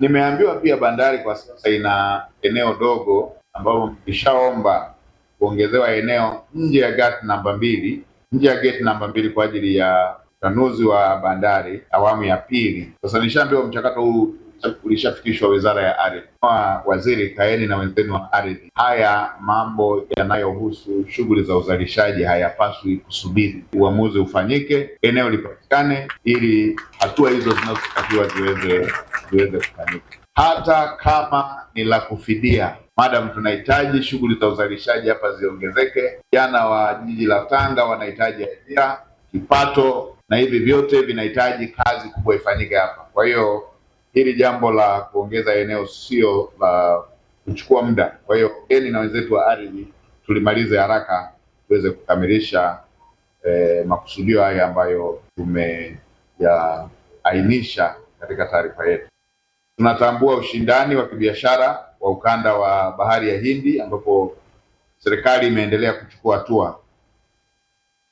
Nimeambiwa pia bandari kwa sasa ina eneo dogo ambapo ishaomba kuongezewa eneo nje ya gati namba mbili nje ya geti namba mbili kwa ajili ya upanuzi wa bandari awamu ya pili. Sasa nishaambiwa mchakato huu ulishafikishwa wizara ya ardhi. Waziri, kaeni na wenzenu wa ardhi. Haya mambo yanayohusu shughuli za uzalishaji hayapaswi kusubiri, uamuzi ufanyike, eneo lipatikane, ili hatua hizo zinazotakiwa ziweze ziweze kufanyika, hata kama ni la kufidia Madam, tunahitaji shughuli za uzalishaji hapa ziongezeke. Vijana wa jiji la Tanga wanahitaji ajira, kipato, na hivi vyote vinahitaji kazi kubwa ifanyike hapa. Kwa hiyo hili jambo la kuongeza eneo sio la kuchukua muda. Kwa hiyo eni na wenzetu wa ardhi tulimalize haraka tuweze kukamilisha eh, makusudio haya ambayo tumeyaainisha katika taarifa yetu. Tunatambua ushindani wa kibiashara wa ukanda wa bahari ya Hindi ambapo serikali imeendelea kuchukua hatua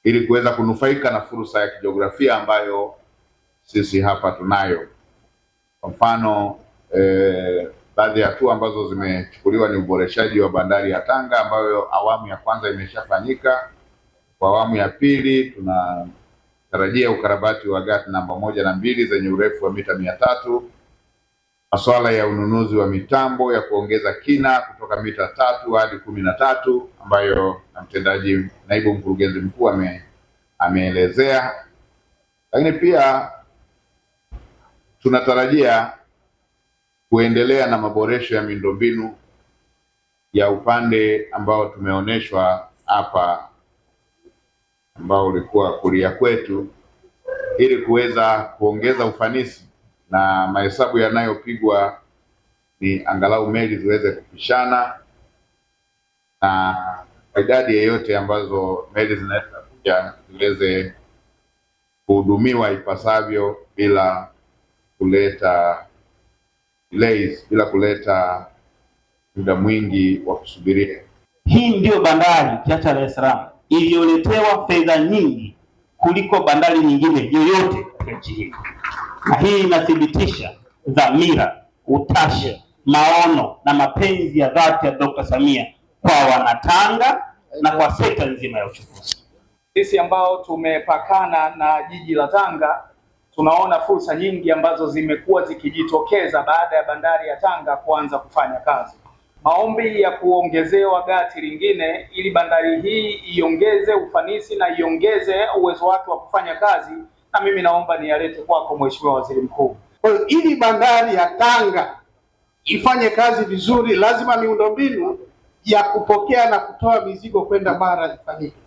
ili kuweza kunufaika na fursa ya kijiografia ambayo sisi hapa tunayo. Kwa mfano eh, baadhi ya hatua ambazo zimechukuliwa ni uboreshaji wa bandari ya Tanga ambayo awamu ya kwanza imeshafanyika. Kwa awamu ya pili tunatarajia ukarabati wa gati namba moja na mbili zenye urefu wa mita mia tatu. Masuala ya ununuzi wa mitambo ya kuongeza kina kutoka mita tatu hadi kumi na tatu ambayo na mtendaji naibu mkurugenzi mkuu ameelezea, lakini pia Tunatarajia kuendelea na maboresho ya miundombinu ya upande ambao tumeonyeshwa hapa ambao ulikuwa kulia kwetu ili kuweza kuongeza ufanisi na mahesabu yanayopigwa ni angalau meli ziweze kupishana na idadi yeyote ambazo meli zinaweza kuja ziweze kuhudumiwa ipasavyo bila kuleta delays, bila kuleta muda mwingi wa kusubiria. Hii ndiyo bandari ukiacha Dar es Salaam iliyoletewa fedha nyingi kuliko bandari nyingine yoyote ya nchi hii, na hii inathibitisha dhamira, utashi, maono na mapenzi ya dhati ya Dr. Samia kwa Wanatanga na kwa sekta nzima ya uchukuzi. Sisi ambao tumepakana na jiji la Tanga tunaona fursa nyingi ambazo zimekuwa zikijitokeza baada ya bandari ya Tanga kuanza kufanya kazi. Maombi ya kuongezewa gati lingine ili bandari hii iongeze ufanisi na iongeze uwezo wake wa kufanya kazi, na mimi naomba niyalete kwako Mheshimiwa Waziri Mkuu. Kwa hiyo ili bandari ya Tanga ifanye kazi vizuri, lazima miundombinu ya kupokea na kutoa mizigo kwenda bara ifanyike.